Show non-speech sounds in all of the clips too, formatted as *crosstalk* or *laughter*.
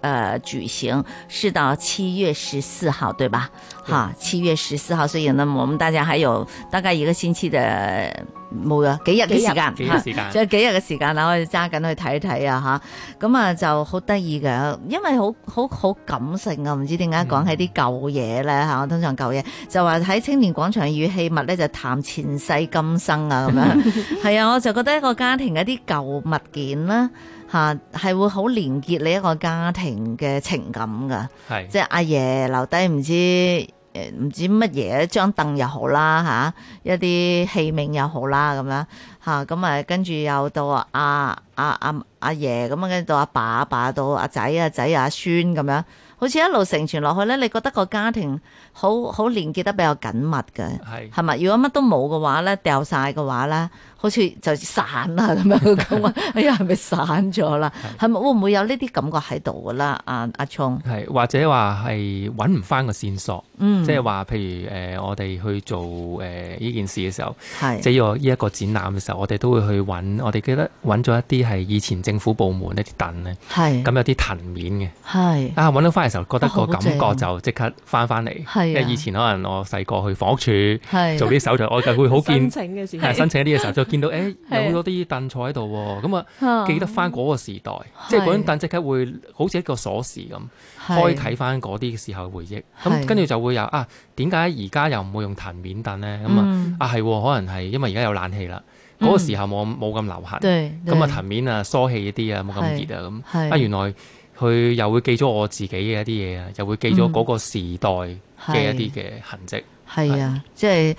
呃，舉行是到七月十四號，對吧？哈對，七、啊、月十四號，所以呢我們大家還有大概一個星期的冇天啊，幾日嘅時間，呵幾日時間，仲有幾日嘅時間啦，我哋揸緊去睇一睇啊，哈，咁啊就好得意嘅，因為好好好感性、嗯、啊，唔知點解講起啲舊嘢咧，吓，我通常舊嘢就話喺青年廣場與器物咧就談前世今生啊，咁樣，係啊，我就覺得一個家庭嘅啲舊物件啦。吓，係會好連結你一個家庭嘅情感噶，即係阿爺留低唔知誒唔知乜嘢一張凳又好啦，吓，一啲器皿又好啦咁樣吓，咁啊跟住又到阿阿阿阿爺咁啊，跟住到阿爸阿爸到阿仔阿仔阿孫咁樣，好似一路承傳落去咧，你覺得個家庭？好好連結得比較緊密嘅，係係咪？如果乜都冇嘅話咧，掉晒嘅話咧，好似就散啦咁樣嘅感覺，哎呀，係咪散咗啦，係咪會唔會有呢啲感覺喺度噶啦？阿阿聰係或者話係揾唔翻個線索，嗯，即係話譬如誒，我哋去做誒呢件事嘅時候，係即係我呢一個展覽嘅時候，我哋都會去揾，我哋記得揾咗一啲係以前政府部門一啲凳咧，係咁有啲藤面嘅，係啊，揾到翻嘅時候，覺得個感覺就即刻翻翻嚟。即係以前可能我細個去房屋署做啲手續，我就會好見申請嘅時候，申請一啲嘅時候，就見到誒有好多啲凳坐喺度，咁啊記得翻嗰個時代，即係嗰張凳即刻會好似一個鎖匙咁，開啓翻嗰啲時候嘅回憶。咁跟住就會有啊，點解而家又唔會用藤面凳咧？咁啊啊係，可能係因為而家有冷氣啦，嗰個時候冇冇咁流行，咁啊藤面啊疏氣一啲啊，冇咁熱啊咁啊原來佢又會記咗我自己嘅一啲嘢啊，又會記咗嗰個時代。嘅一啲嘅痕迹，係啊，即係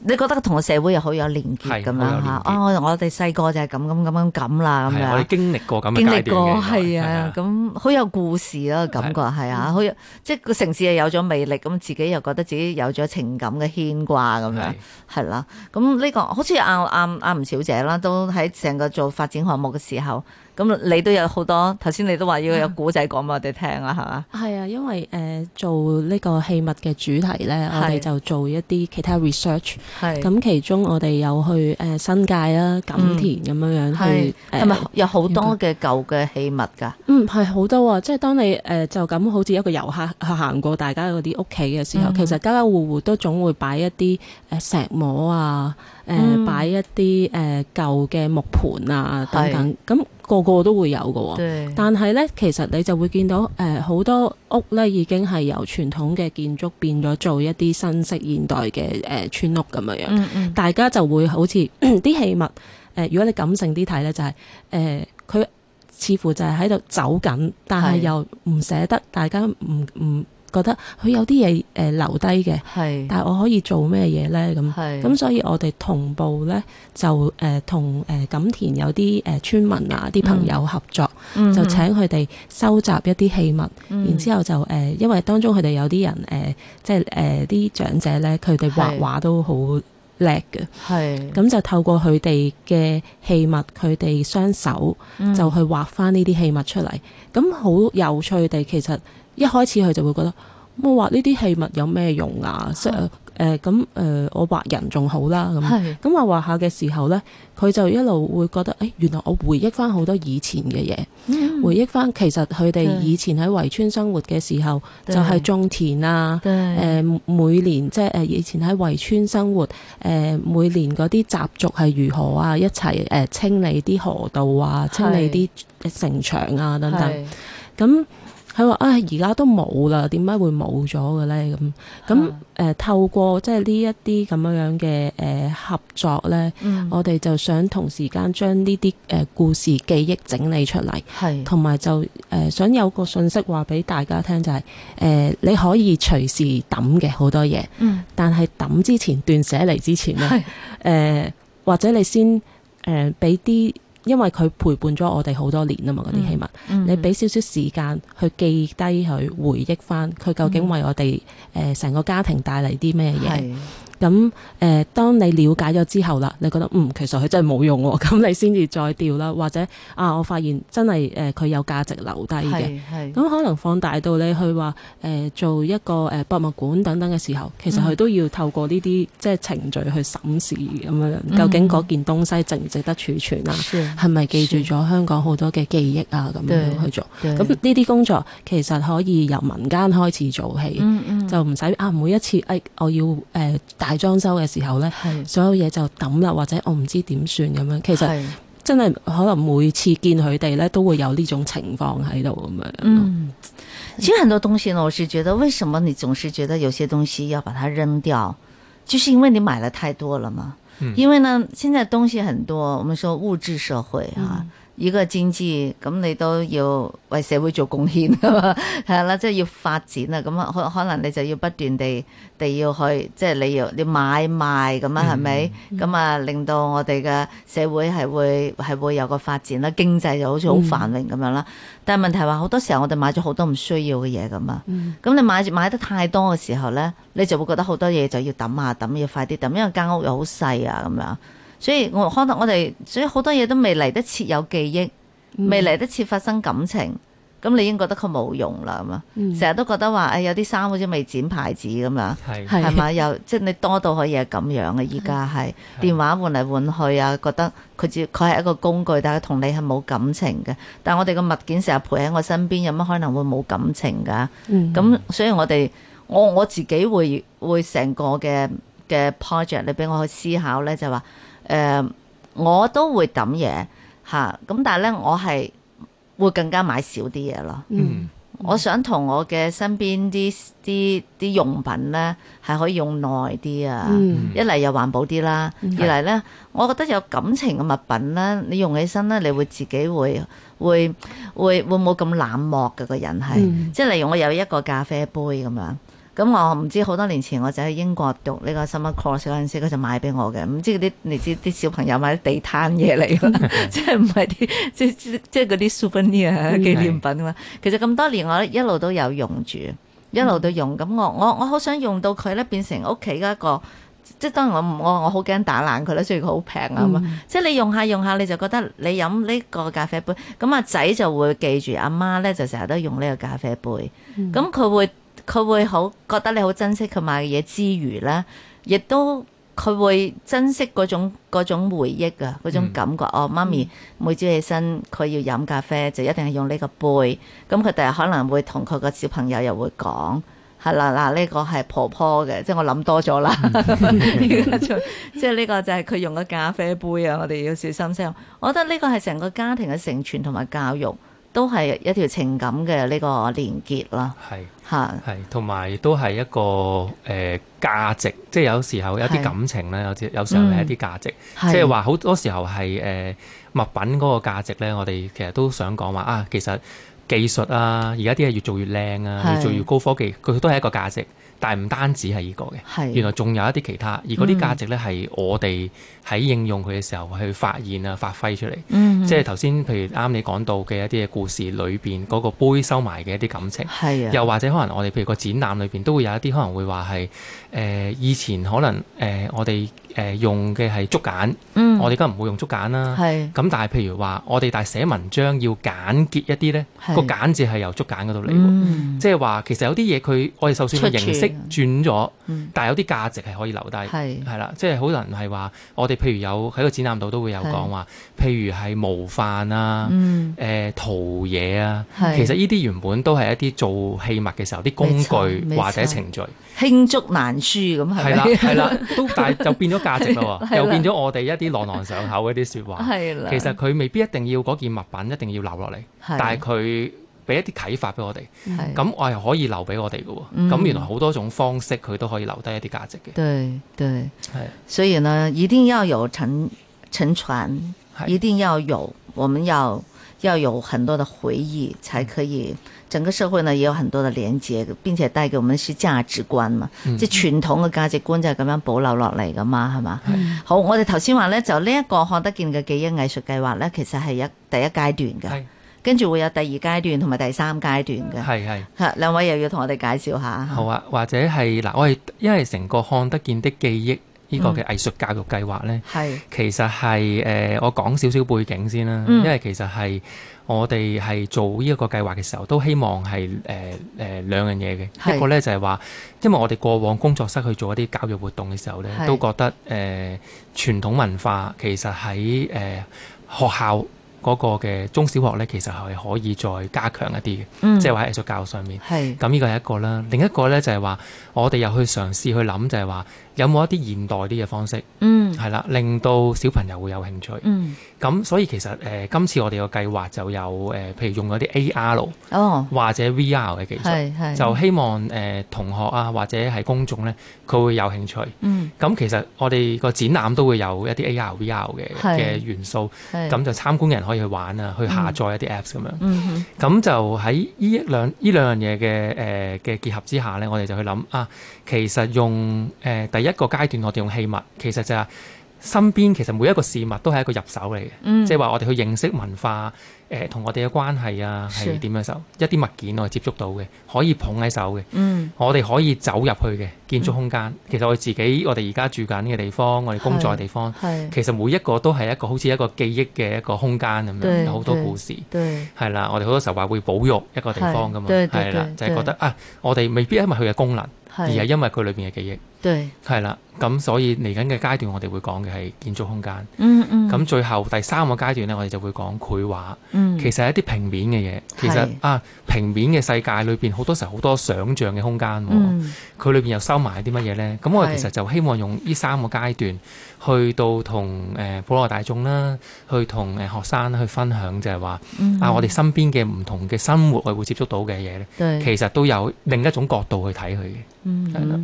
你覺得同個社會又好有連結咁樣吓，哦，我哋細個就係咁咁咁咁啦，咁樣我哋經歷過咁經歷過，係啊，咁好有故事咯，感覺係啊，好有即係個城市又有咗魅力，咁自己又覺得自己有咗情感嘅牽掛咁樣，係啦，咁呢個好似阿阿阿吳小姐啦，都喺成個做發展項目嘅時候。咁你都有好多，頭先你都話要有古仔講俾我哋聽啦，係嘛、嗯？係啊吧，因為誒、呃、做呢個器物嘅主題咧，是我哋就做一啲其他 research 是。係。咁其中我哋有去誒、呃、新界啦、錦田咁樣、嗯、樣去，係咪是、呃、有好多嘅舊嘅器物噶？嗯，係好多啊！即係當你誒就咁好似一個遊客去行過大家嗰啲屋企嘅時候，嗯、其實家家戶戶都總會擺一啲誒石磨啊。誒擺、呃、一啲誒、呃、舊嘅木盤啊，等等，咁是個個都會有嘅、哦。對但係咧，其實你就會見到誒好、呃、多屋咧，已經係由傳統嘅建築變咗做一啲新式現代嘅誒、呃、村屋咁樣樣。嗯嗯，大家就會好似啲器物誒、呃，如果你感性啲睇咧，就係誒佢似乎就係喺度走緊，但係又唔捨得，大家唔唔。覺得佢有啲嘢誒留低嘅，是但係我可以做咩嘢咧？咁咁，是所以我哋同步咧就誒同誒錦田有啲誒、呃、村民啊、啲朋友合作，嗯、就請佢哋收集一啲器物，嗯、然之後就誒、呃，因為當中佢哋有啲人誒、呃，即係誒啲長者咧，佢哋畫畫都好叻嘅，係咁是、嗯、就透過佢哋嘅器物，佢哋雙手就去畫翻呢啲器物出嚟，咁好有趣地其實。一開始佢就會覺得、嗯、我畫呢啲器物有咩用啊？誒誒咁誒，我、呃呃呃呃、畫人仲好啦、啊、咁。咁畫畫下嘅時候咧，佢就一路會覺得誒，原來我回憶返好多以前嘅嘢，回憶返其實佢哋以前喺圍村生活嘅時候，就係種田啊。誒、嗯、每年即係誒以前喺圍村生活誒、嗯、每年嗰啲習俗係如何啊？一齊誒、呃、清理啲河道啊，清理啲城牆啊等等。咁佢話，唉，而、哎、家都冇啦，點解會冇咗嘅咧？咁咁誒，透過即係呢一啲咁樣樣嘅誒合作咧，嗯、我哋就想同時間將呢啲誒故事記憶整理出嚟，同埋是就誒、呃、想有個訊息話俾大家聽就係、是、誒、呃、你可以隨時抌嘅好多嘢，嗯、但係抌之前斷捨離之前咧，誒是、呃、或者你先誒俾啲。呃因為佢陪伴咗我哋好多年啊嘛，嗰啲希文，你俾少少時間、嗯、哼去記低佢，回憶翻佢究竟為我哋誒成個家庭帶嚟啲咩嘢。咁誒，當你了解咗之後啦，你覺得嗯，其實佢真係冇用喎，咁 *laughs* 你先至再掉啦，或者啊，我發現真係誒佢有價值留低嘅，咁可能放大到你去話誒、呃、做一個誒博物館等等嘅時候，其實佢都要透過呢啲即係程序去審視咁樣，究竟嗰件東西值唔值得儲存啊？係咪記住咗香港好多嘅記憶啊？咁樣去做，咁呢啲工作其實可以由民間開始做起。嗯就唔使啊！每一次誒、哎，我要誒、呃、大裝修嘅時候呢，是的 所有嘢就抌啦，或者我唔知點算咁樣。其實真係是的 可能每次見佢哋呢，都會有呢種情況喺度咁樣。嗯，嗯、其實很多東西呢，我是覺得，為什麼你總是覺得有些東西要把它扔掉，就是因為你買得太多啦嘛。因為呢，現在東西很多，我們說物質社會啊。嗯嗯。依個戰事，咁你都要為社會做貢獻啊嘛，係 *laughs* 啦，即係要發展啊，咁可可能你就要不斷地地要去，即係你要你要買賣咁啊，係咪？咁啊、嗯，令到我哋嘅社會係會係會有個發展啦，經濟就好似好繁榮咁樣啦。嗯、但係問題話好多時候，我哋買咗好多唔需要嘅嘢咁啊。咁、嗯、你買買得太多嘅時候咧，你就會覺得好多嘢就要抌下抌，要快啲抌，因為間屋又好細啊咁樣。所以我可能我哋所以好多嘢都未嚟得切有記憶，未嚟得切發生感情，咁、嗯、你已經覺得佢冇用啦。咁啊、嗯，成日都覺得話誒、哎、有啲衫好似未剪牌子咁啊，係係嘛？又是即係你多到可以係咁樣嘅、啊，依家係電話換嚟換去啊，覺得佢只佢係一個工具，但係同你係冇感情嘅。但係我哋個物件成日陪喺我身邊，有乜可能會冇感情噶？咁、嗯嗯、所以我哋我我自己會會成個嘅嘅 project，你俾我去思考咧，就話、是。誒，uh, 我都會抌嘢吓，咁、啊、但係咧，我係會更加買少啲嘢咯。嗯、mm，hmm. 我想同我嘅身邊啲啲啲用品咧，係可以用耐啲啊。Mm hmm. 一嚟，又環保啲啦，mm hmm. 二嚟咧，我覺得有感情嘅物品咧，你用起身咧，你會自己會會會會冇咁冷漠嘅個、啊、人係，mm hmm. 即係例如我有一個咖啡杯咁樣。咁我唔知好多年前我就喺英國讀呢個 summer course 嗰陣時，佢就買俾我嘅。唔知嗰啲你知啲小朋友買啲地攤嘢嚟咯，即係唔係啲即即即係嗰啲 souvenir 紀念品嘛。其實咁多年我一路都有用住，一路都用。咁我我我好想用到佢咧，變成屋企一個，即係當然我我我好驚打爛佢啦，雖然佢好平啊嘛。即係 *laughs* 你用下用下，你就覺得你飲呢個咖啡杯，咁阿仔就會記住阿媽咧，媽媽就成日都用呢個咖啡杯，咁佢會。佢會好覺得你好珍惜佢買嘅嘢，之餘咧，亦都佢會珍惜嗰種嗰種回憶啊，嗰種感覺。嗯、哦，媽咪每朝起身佢要飲咖啡，就一定係用呢個杯。咁佢第日可能會同佢個小朋友又會講，係啦嗱呢個係婆婆嘅，即係我諗多咗啦。即係呢個就係佢用個咖啡杯啊，我哋要小心聲。我覺得呢個係成個家庭嘅承傳同埋教育。都係一條情感嘅呢個連結啦，係嚇是，係同埋都係一個誒、呃、價值，即係有時候有啲感情咧，有時是有時候係一啲價值，嗯、即係話好多時候係誒、呃、物品嗰個價值咧，我哋其實都想講話啊，其實技術啊，而家啲嘢越做越靚啊，越做越高科技，佢都係一個價值。但唔單止係呢個嘅，原來仲有一啲其他，而嗰啲價值呢，係我哋喺應用佢嘅時候去發現啊、發揮出嚟。嗯， *noise* 即係頭先譬如啱你講到嘅一啲嘅故事裏邊嗰個杯收埋嘅一啲感情， *noise* 是啊、又或者可能我哋譬如個展覽裏邊都會有一啲可能會話係誒以前可能誒、呃、我哋。誒，用嘅係竹簡，我哋梗唔會用竹簡啦。咁，但係譬如話，我哋但係寫文章要簡潔一啲呢，個簡字係由竹簡嗰度嚟。即係話其實有啲嘢佢我哋就算個形式轉咗，但係有啲價值係可以留低，係啦，即係好多人係話我哋譬如有喺個展覽度都會有講話，譬如係模範啊，誒陶冶啊，其實呢啲原本都係一啲做器物嘅時候啲工具或者程序，罄竹難書咁係啦係啦，都但係就變咗。價值咯，又變咗我哋一啲琅琅上口嗰啲說話。係啦 *laughs* 的，其實佢未必一定要嗰件物品一定要留落嚟，的但係佢俾一啲啟發俾我哋。係的，咁我係可以留俾我哋噶。咁的、嗯、原來好多種方式，佢都可以留低一啲價值嘅。對對，係的。所以呢，一定要有承承傳，一定要有，我們要。要有很多的回憶才可以，整個社會呢也有很多的連接，並且帶給我們是價值觀嘛，即傳、嗯、統的價值觀就咁樣保留落嚟噶嘛，係嘛？是好，我哋頭先話呢，就呢一個看得見嘅記憶藝術計劃呢，其實係一第一階段嘅，是跟住會有第二階段同埋第三階段嘅，係係，吓兩位又要同我哋介紹下，是好啊，或者係嗱，我哋因為成個看得見的記憶。呢個嘅藝術教育計劃呢，係、嗯、其實係誒、呃，我講少少背景先啦。嗯、因為其實係我哋係做呢一個計劃嘅時候，都希望係誒誒兩樣嘢嘅。是一個呢，就係、是、話，因為我哋過往工作室去做一啲教育活動嘅時候呢，是都覺得誒傳、呃、統文化其實喺誒、呃、學校。嗰個嘅中小學咧，其實係可以再加強一啲嘅，即係話喺藝術教育上面。係。咁呢個係一個啦，另一個咧就係話，我哋又去嘗試去諗，就係話有冇一啲現代啲嘅方式，嗯，係啦，令到小朋友會有興趣。嗯。咁所以其實誒，今次我哋個計劃就有誒，譬如用嗰啲 A R 或者 V R 嘅技術，就希望誒同學啊，或者係公眾咧，佢會有興趣。嗯。咁其實我哋個展覽都會有一啲 A R V R 嘅嘅元素，係，咁就參觀人可以去玩啊，去下載一啲 apps 咁樣，咁、嗯、就喺呢一兩呢兩樣嘢嘅誒嘅結合之下咧，我哋就去諗啊，其實用誒、呃、第一個階段我哋用器物，其實就係、是。身邊其實每一個事物都係一個入手嚟嘅，即係話我哋去認識文化誒同我哋嘅關係啊，係點樣手一啲物件我哋接觸到嘅，可以捧喺手嘅，我哋可以走入去嘅建築空間。其實我自己，我哋而家住緊嘅地方，我哋工作嘅地方，其實每一個都係一個好似一個記憶嘅一個空間咁樣，有好多故事。係啦，我哋好多時候話會保育一個地方噶嘛，係啦，就係覺得啊，我哋未必因為佢嘅功能，而係因為佢裏邊嘅記憶。對，係啦，咁所以嚟緊嘅階段，我哋會講嘅係建築空間。嗯嗯，咁最後第三個階段咧，我哋就會講繪畫。其實係一啲平面嘅嘢，其實啊，平面嘅世界裏邊好多時候好多想象嘅空間。嗯，佢裏邊又收埋啲乜嘢咧？咁我哋其實就希望用呢三個階段去到同誒普羅大眾啦，去同誒學生去分享，就係話啊，我哋身邊嘅唔同嘅生活，我會接觸到嘅嘢咧，其實都有另一種角度去睇佢嘅。係啦。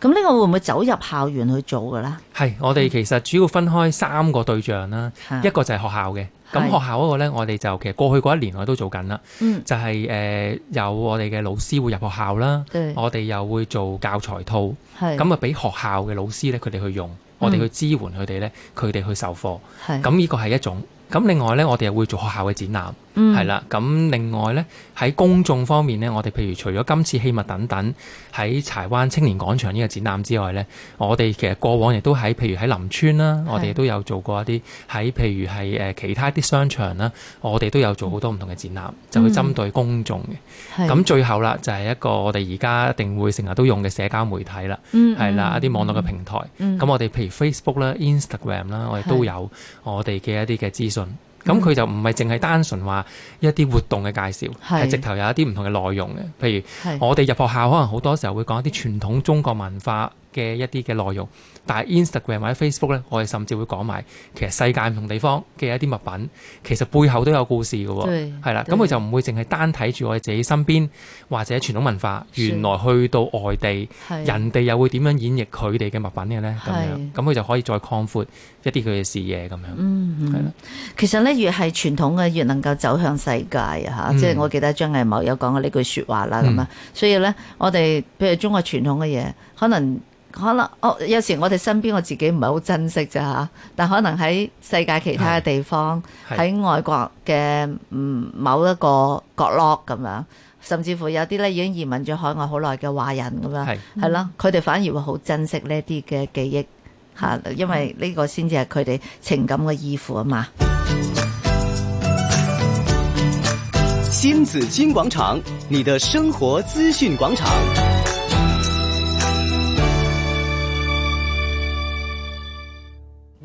咁呢個會唔會走入校園去做嘅咧？係，我哋其實主要分開三個對象啦，嗯、一個就係學校嘅。咁是學校嗰個咧，我哋就其實過去嗰一年我都做緊啦。嗯，就係、是、誒、呃、有我哋嘅老師會入學校啦。對我哋又會做教材套，係咁啊，俾學校嘅老師咧，佢哋去用，嗯、我哋去支援佢哋咧，佢哋去授課。係咁呢個係一種。咁另外咧，我哋又會做學校嘅展覽。係啦，咁、嗯、另外咧喺公眾方面咧，我哋譬如除咗今次器物等等喺柴灣青年廣場呢個展覽之外咧，我哋其實過往亦都喺譬如喺林村啦，我哋都有做過一啲喺的譬如係誒其他啲商場啦，我哋都有做好多唔同嘅展覽，就去針對公眾嘅。咁、嗯、最後啦，就係一個我哋而家一定會成日都用嘅社交媒體啦，係啦、嗯嗯、一啲網絡嘅平台。咁、嗯嗯、我哋譬如 Facebook 啦、Instagram 啦，我哋都有我哋嘅一啲嘅資訊。咁佢、嗯、就唔係淨係單純話一啲活動嘅介紹，係是直頭有一啲唔同嘅內容嘅。譬如我哋入學校，可能好多時候會講一啲傳統中國文化嘅一啲嘅內容，但係 Instagram 或者 Facebook 咧，我哋甚至會講埋其實世界唔同地方嘅一啲物品，其實背後都有故事嘅，係對啦，咁佢就唔會淨係單睇住我哋自己身邊或者傳統文化，原來去到外地，人哋又會點樣演繹佢哋嘅物品嘅咧？咁樣、嗯，咁佢就可以再擴闊一啲佢嘅視野咁樣，係啦。其實咧，越係傳統嘅，越能夠走向世界啊！嚇，即係我記得張藝謀有講過呢句説話啦，咁啊。嗯、所以咧，我哋譬如中國傳統嘅嘢，可能。可能我、哦、有時我哋身邊我自己唔係好珍惜啫嚇，但可能喺世界其他嘅地方，喺外國嘅嗯某一個角落咁樣，甚至乎有啲咧已經移民咗海外好耐嘅華人咁樣，係咯，佢哋反而會好珍惜呢啲嘅記憶嚇，因為呢個先至係佢哋情感嘅依附啊嘛。新紫金廣場，你的生活資訊廣場。 *music*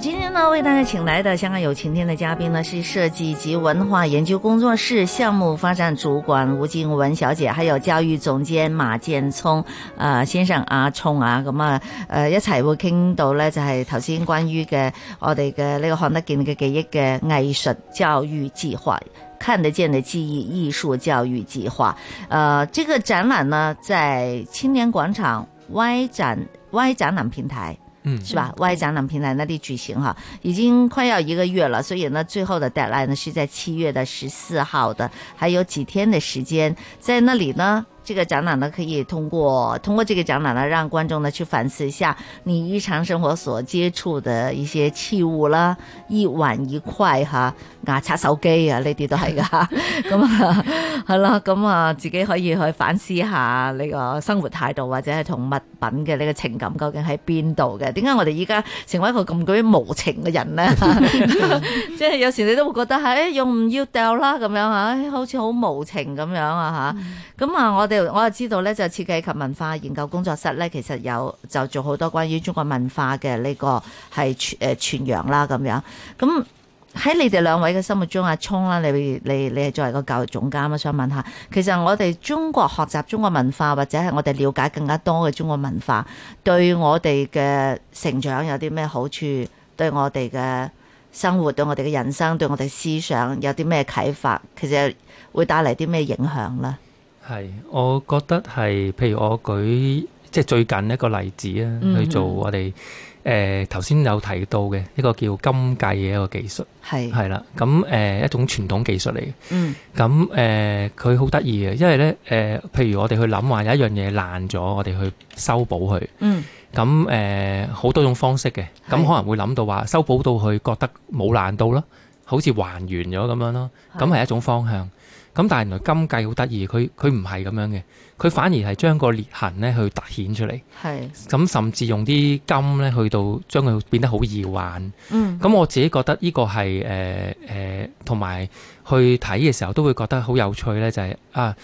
今天呢為大家請來的香港有晴天的嘉賓呢，是設計及文化研究工作室項目發展主管吳靖雯小姐，還有教育總監馬健聰，啊、呃，先生阿、啊、聰啊，咁啊，呃，一齊會傾到呢，就係頭先關於嘅我哋嘅呢個看得見嘅記憶嘅藝術教育計劃，看得見嘅記憶藝術教育計劃，呃，這個展覽呢，在青年廣場 Y 展 Y 展覽平台。嗯，是吧？外展覽平台那裡舉行哈，已經快要一個月了，所以呢，最後的 deadline 呢，是在七月的十四號的，還有幾天的時間，在那裡呢，這個展覽呢，可以通過通過這個展覽呢，讓觀眾呢去反思一下，你日常生活所接觸的一些器物啦，一碗一塊哈。啊！刷手機啊，呢啲都係㗎，咁啊，係啦、嗯，咁啊， *laughs* 自己可以去反思下呢個生活態度，或者係同物品嘅呢個情感究竟喺邊度嘅？點解我哋依家成為一個咁鬼無情嘅人呢？即係有時你都會覺得，欸、哎，用唔要掉啦，咁樣嚇，好似好無情咁樣啊嚇。咁、huh、啊，我哋我就知道呢，就設計及文化研究工作室呢，其實有就做好多關於中國文化嘅呢、呢個係傳誒傳揚啦，咁樣咁。辭 辭 room 喺你哋兩位嘅心目中，阿聰啦，你你你係作為一個教育總監，我想問下，其實我哋中國學習中國文化，或者係我哋了解更加多嘅中國文化，對我哋嘅成長有啲咩好處？對我哋嘅生活，對我哋嘅人生，對我哋思想有啲咩啟發？其實會帶嚟啲咩影響呢？係，我覺得係，譬如我舉即係最近一個例子啊，去做我哋。嗯誒頭先有提到嘅一個叫金計嘅一個技術係係啦，咁誒一種傳統技術嚟嘅，嗯，咁誒佢好得意嘅，因為咧誒，譬如我哋去諗話有一樣嘢爛咗，我哋去修補佢，嗯，咁誒好多種方式嘅，咁可能會諗到話修補到佢覺得冇爛到咯，好似還原咗咁樣咯，咁係一種方向。咁但係原來金繼好得意，佢佢唔係咁樣嘅，佢反而係將個裂痕咧去凸顯出嚟。係是，咁甚至用啲金咧去到將佢變得好易玩。嗯，咁、嗯、我自己覺得呢個係誒誒，同、呃、埋、呃、去睇嘅時候都會覺得好有趣咧，就係、是、啊。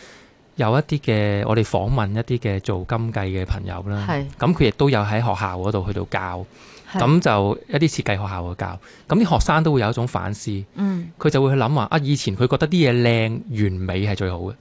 有一啲嘅，我哋訪問一啲嘅做金繼嘅朋友啦，咁佢亦都有喺學校嗰度去到教，咁是就一啲設計學校嘅教，咁啲學生都會有一種反思，佢就會去諗話啊，以前佢覺得啲嘢靚完美係最好嘅，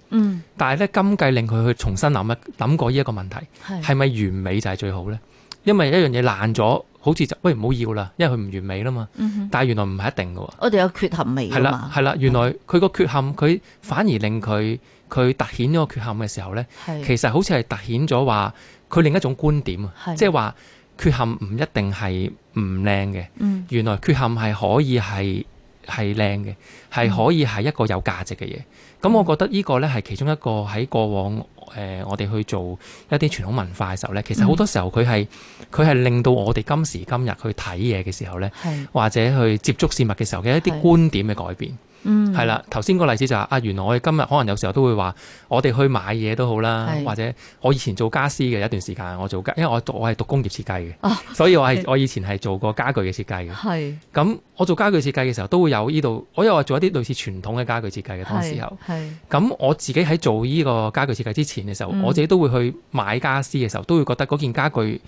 但係呢金繼令佢去重新諗一諗過呢一個問題，係咪完美就係最好呢？因為一樣嘢爛咗，好似就喂唔好要啦，因為佢唔完美啦嘛，但係原來唔係一定嘅喎。我哋有缺陷美吖嘛，係啦係啦，原來佢個缺陷佢反而令佢。佢突顯咗個缺陷嘅時候呢，是其實好似係突顯咗話佢另一種觀點，是即係話缺陷唔一定係唔靚嘅。嗯、原來缺陷係可以係係靚嘅，係可以係一個有價值嘅嘢。咁、嗯、我覺得呢個呢，係其中一個喺過往誒、呃，我哋去做一啲傳統文化嘅時候呢。其實好多時候佢係佢係令到我哋今時今日去睇嘢嘅時候呢，是或者去接觸事物嘅時候嘅一啲觀點嘅改變。的嗯，係啦，頭先個例子就話、是，啊，原來我哋今日可能有時候都會話，我哋去買嘢都好啦，是或者我以前做家私嘅一段時間，我做家，因為我讀我係讀工業設計嘅，哦、所以我係是我以前係做過家具嘅設計嘅。係是，咁我做家具設計嘅時候，都會有呢度，我又話做一啲類似傳統嘅家具設計嘅。當時候，係，咁我自己喺做呢個家具設計之前嘅時候，嗯、我自己都會去買家私嘅時候，都會覺得嗰件家具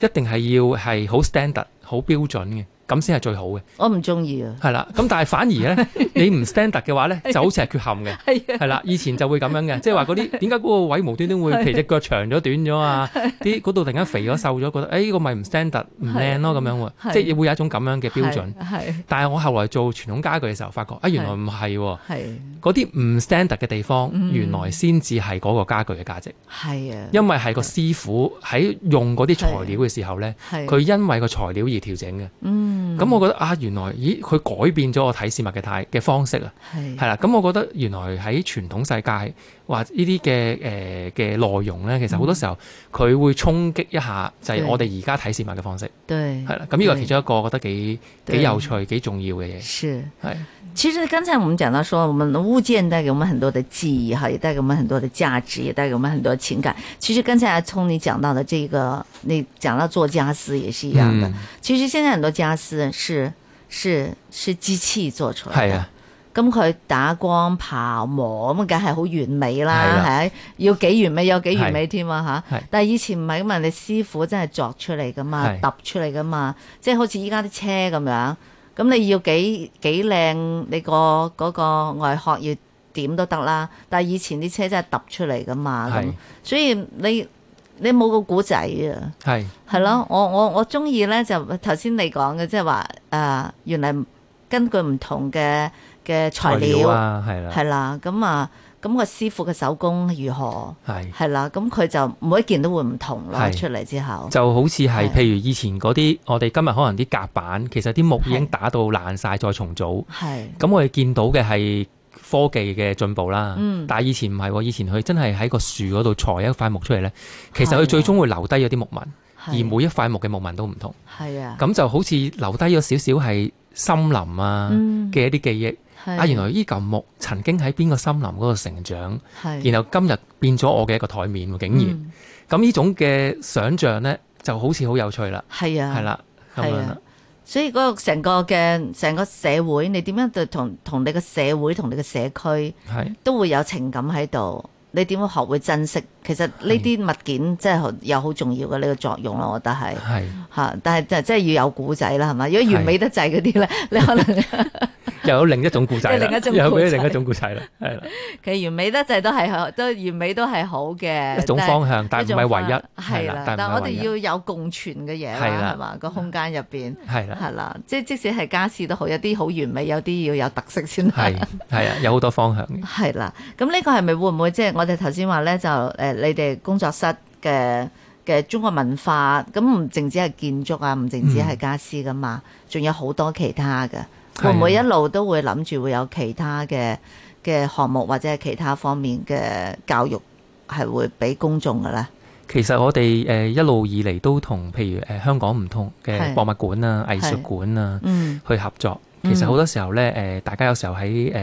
一定係要係好 standard。好標準嘅，咁先係最好嘅。我唔中意啊。係啦，咁但係反而咧，你唔 standard 嘅話咧，就好似係缺陷嘅。係啦，以前就會咁樣嘅，即係話嗰啲點解嗰個位無端端會其隻腳長咗短咗啊？啲嗰度突然間肥咗瘦咗，覺得誒，呢個咪唔 standard 唔靚咯，咁樣喎。即係會有一種咁樣嘅標準。但係我後來做傳統家具嘅時候，發覺啊，原來唔係喎。嗰啲唔 standard 嘅地方，原來先至係嗰個家具嘅價值。係啊。因為係個師傅喺用嗰啲材料嘅時候咧，佢因為個材料調整嘅，嗯，咁我覺得啊，原來，咦，佢改變咗我睇事物嘅態嘅方式啊，係是，係啦，咁我覺得原來喺傳統世界，話、呃、呢啲嘅誒嘅內容咧，其實好多時候佢會衝擊一下，就係我哋而家睇事物嘅方式，對，係啦，咁呢個其中一個覺得幾對幾有趣、幾重要嘅嘢，對是，係。其實剛才我們講到，說我們的物件帶給我們很多的記憶，哈，也帶給我們很多的價值，也帶給我們很多情感。其實剛才阿聰你講到的這個，你講到做家私也是一樣的。其實現在很多家私是是是機器做出來，咁佢打光泡膜，咁梗係好完美啦，係要幾完美有幾完美添啊吓。但係以前唔係咁啊，你師傅真係作出嚟噶嘛，揼出嚟噶嘛，即係好似依家啲車咁樣。咁你要幾幾靚，你個嗰個外殼要點都得啦。但係以前啲車真係揼出嚟噶嘛，咁是所以你你冇個故仔啊。係係咯，我我我中意咧就頭先你講嘅，即係話啊，原來根據唔同嘅嘅材，材料啊，係啦，係啦，咁啊。咁個師傅嘅手工如何？係係啦，咁佢就每一件都會唔同咯。出嚟之後就好似係譬如以前嗰啲，我哋今日可能啲夾板，其實啲木已經打到爛晒再重組。係咁，我哋見到嘅係科技嘅進步啦。但係以前唔係喎，以前佢真係喺個樹嗰度裁一塊木出嚟咧，其實佢最終會留低咗啲木紋，而每一塊木嘅木紋都唔同。係啊，咁就好似留低咗少少係森林啊嘅一啲記憶。啊！原來依嚿木曾經喺邊個森林嗰度成長，是然後今日變咗我嘅一個台面竟然咁呢、嗯、種嘅想像呢就好似好有趣啦。係是啊，啊，係啦樣，咁啊。所以嗰個成個嘅成個社會，你點樣對同同你嘅社會同你嘅社區，是啊、都會有情感喺度。你點樣學會珍惜？其實呢啲物件真係有好重要嘅呢個作用咯。我覺得係嚇，但係就真係要有古仔啦，係咪？如果完美得滯嗰啲呢，你可能。又有另一種故仔啦，又有另一種故仔啦，係啦。其實完美得滯都係好，都完美都係好嘅一種方向，但係唔係唯一係啦。但係我哋要有共存嘅嘢啦，係嘛，個空間入邊係啦，係啦。即係即使係家私都好，有啲好完美，有啲要有特色先係係啊，有好多方向嘅係啦。咁呢個係咪會唔會即係我哋頭先話咧就誒？你哋工作室嘅嘅中國文化咁唔淨止係建築啊，唔淨止係家私噶嘛，仲有好多其他嘅。會唔會一路都會諗住會有其他嘅嘅項目或者係其他方面嘅教育係會俾公眾嘅咧？其實我哋誒、呃、一路以嚟，都同譬如誒、呃、香港唔同嘅博物館啊、藝術館啊，嗯去合作。嗯其實好多時候咧，誒大家有時候喺誒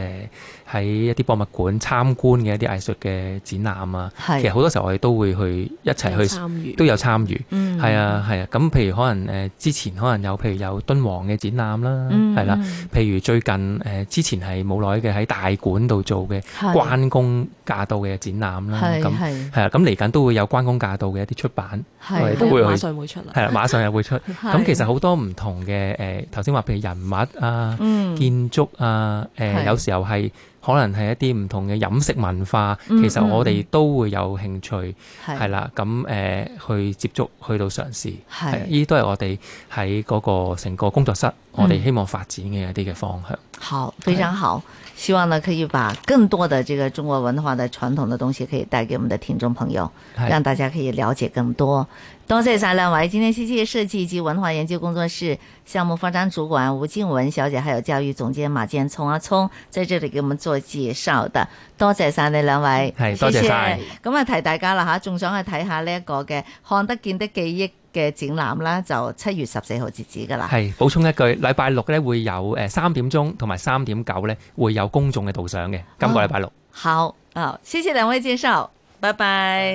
喺一啲博物館參觀嘅一啲藝術嘅展覽啊，其實好多時候我哋都會去一齊去，都有參與，係啊係啊。咁譬如可能誒之前可能有譬如有敦煌嘅展覽啦，係啦。譬如最近誒之前係冇耐嘅喺大館度做嘅關公駕到嘅展覽啦，咁係啊。咁嚟緊都會有關公駕到嘅一啲出版，都會去，係啊，馬上又會出。咁其實好多唔同嘅誒頭先話譬如人物啊、建築啊，誒、呃， *noise* 有時候係。可能係一啲唔同嘅飲食文化，其實我哋都會有興趣係啦，咁誒、嗯嗯呃、去接觸去到嘗試係，依、嗯、都係我哋喺嗰個成個工作室，嗯、我哋希望發展嘅一啲嘅方向。好，非常好，的希望呢可以把更多的這個中國文化的傳統的東西，可以帶給我們的聽眾朋友，讓大家可以了解更多。多的謝晒兩位，今天先謝，謝設計及文化研究工作室項目發展主管吳靖雯小姐，還有教育總監馬健聰阿聰在這裏給我們做。接受得，多謝晒你兩位，係是謝多謝晒。咁啊，提大家啦吓，仲想去睇下呢一個嘅看得見的記憶嘅展覽啦，就七月十四號截止噶啦。係補充一句，禮拜六咧會有誒三點鐘同埋三點九咧會有公眾嘅導賞嘅，今個禮拜六。好啊，謝謝兩位介紹，拜拜。